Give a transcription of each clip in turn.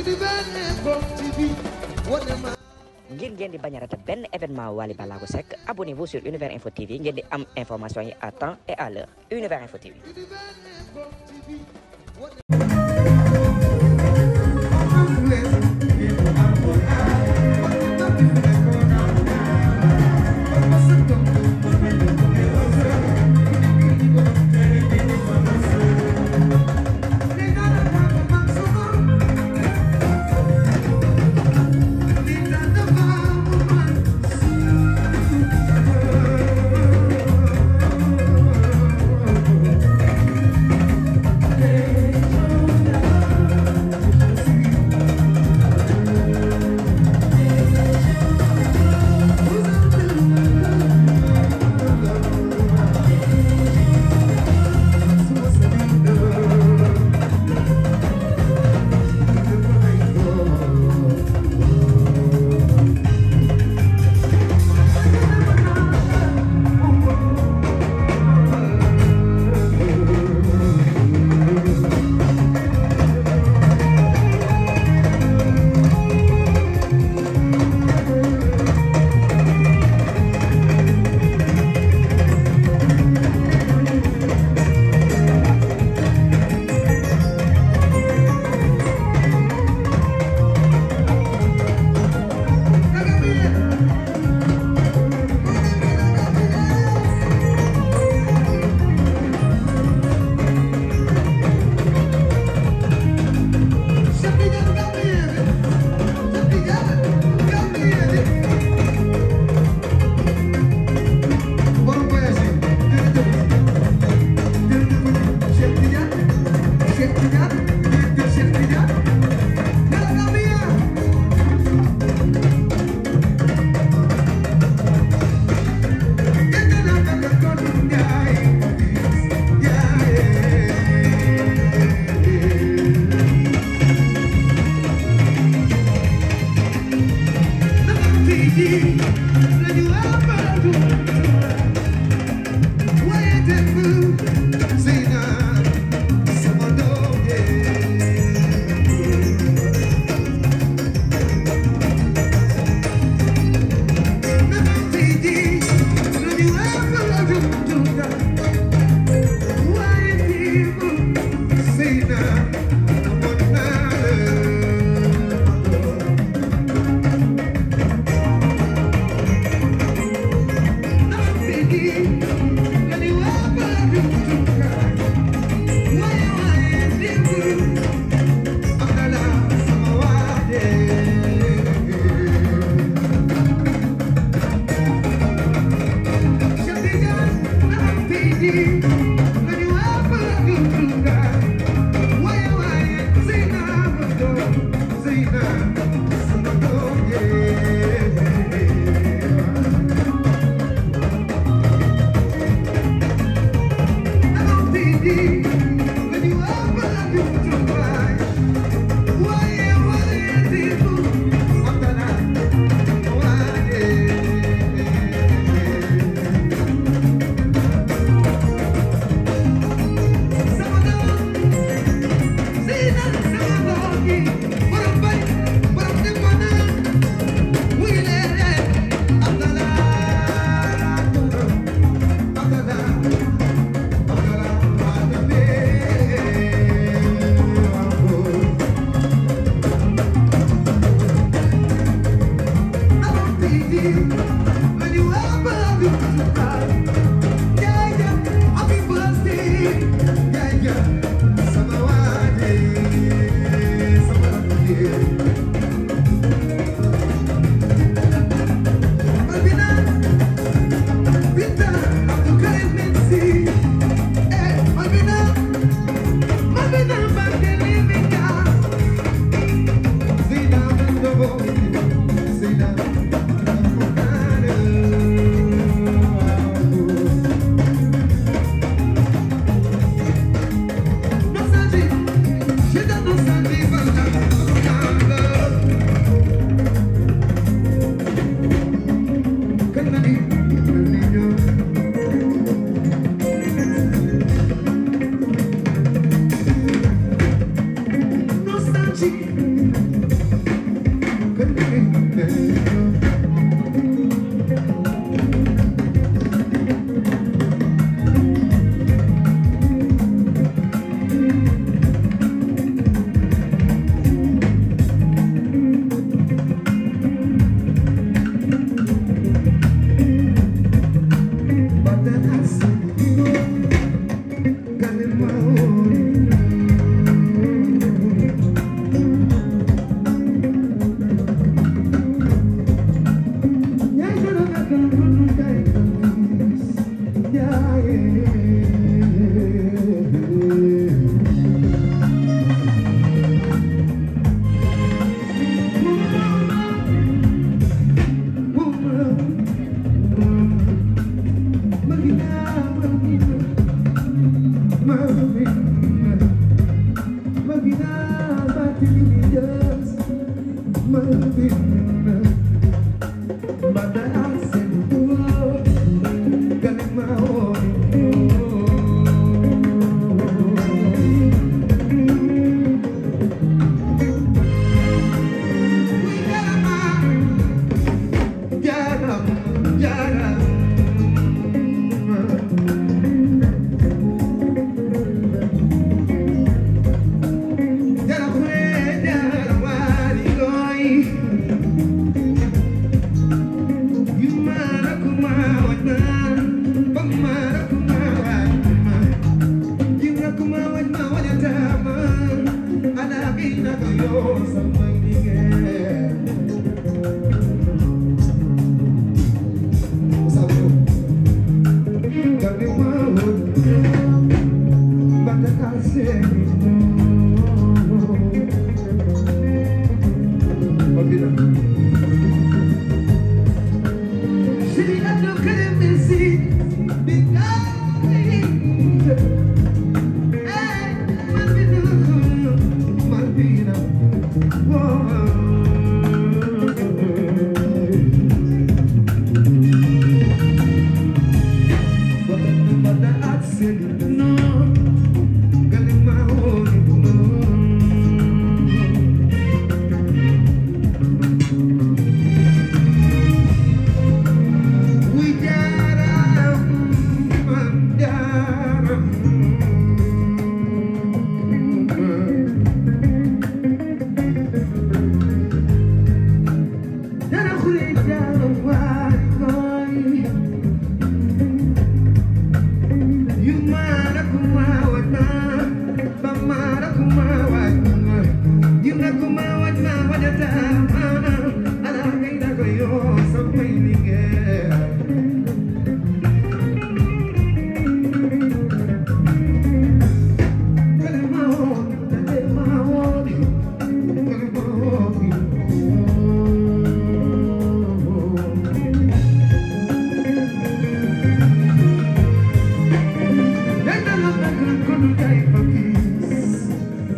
ngir ngeen di bañ a benn événement Wally Ballago Seck abonnez-vous sur Univers Info TV ngeen di am information yi à temps et à l'heure Univers Info TV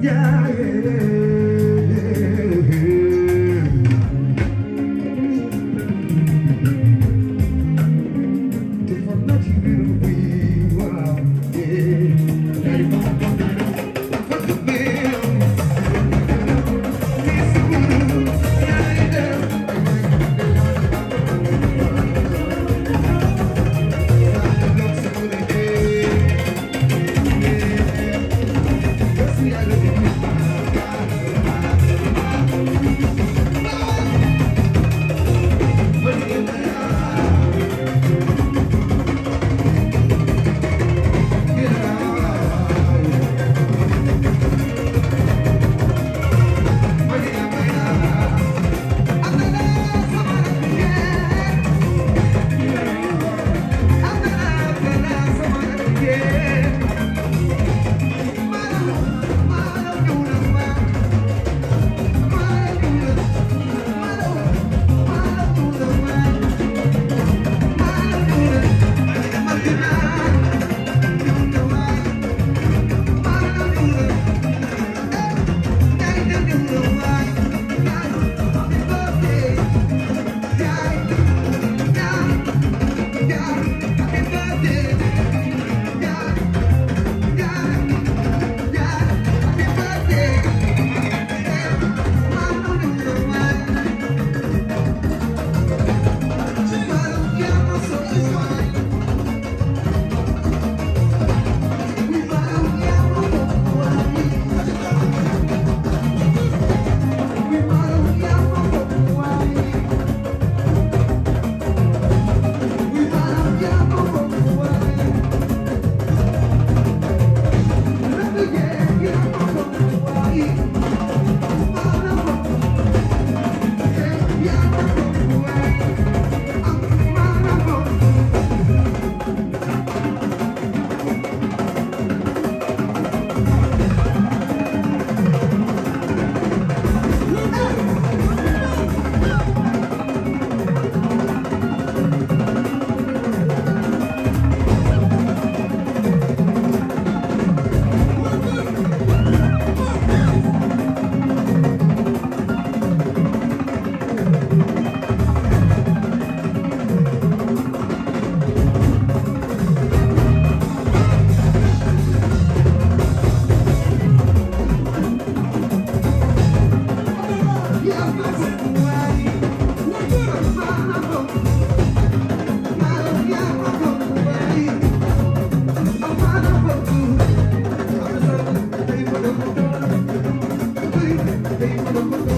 Yeah. Thank you. thank you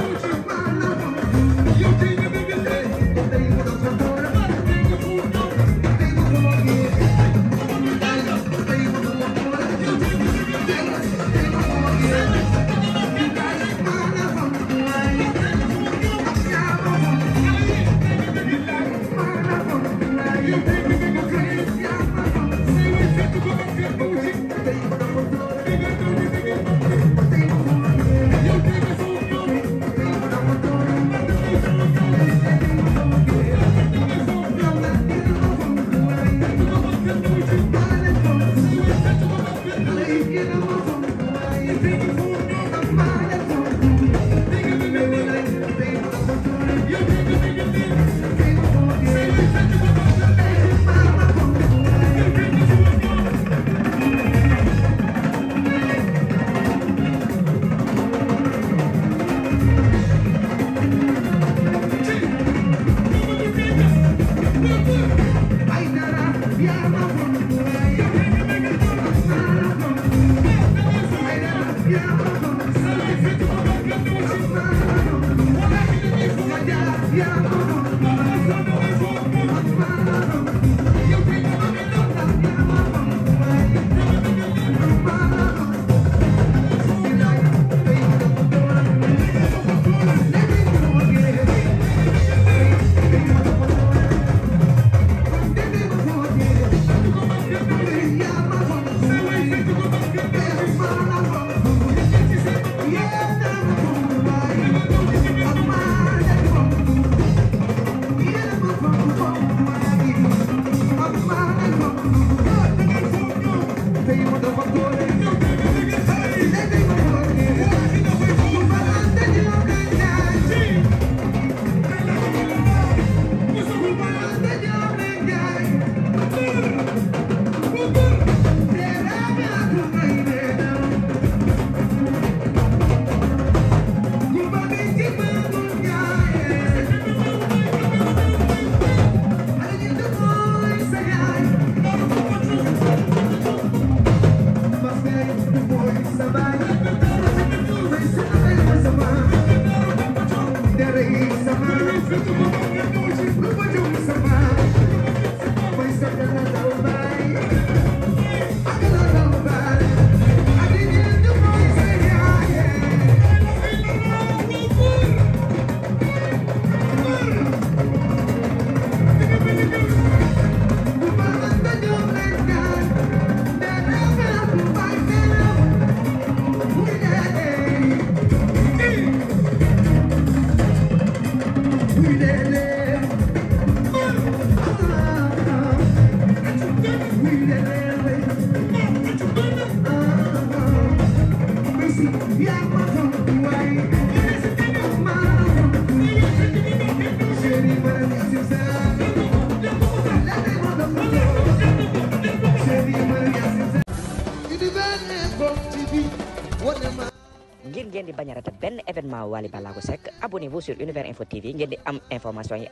Wally Ballago Seck abonnez-vous sur Univers Info TV ngeen information yi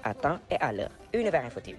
et à l'heure Univers Info TV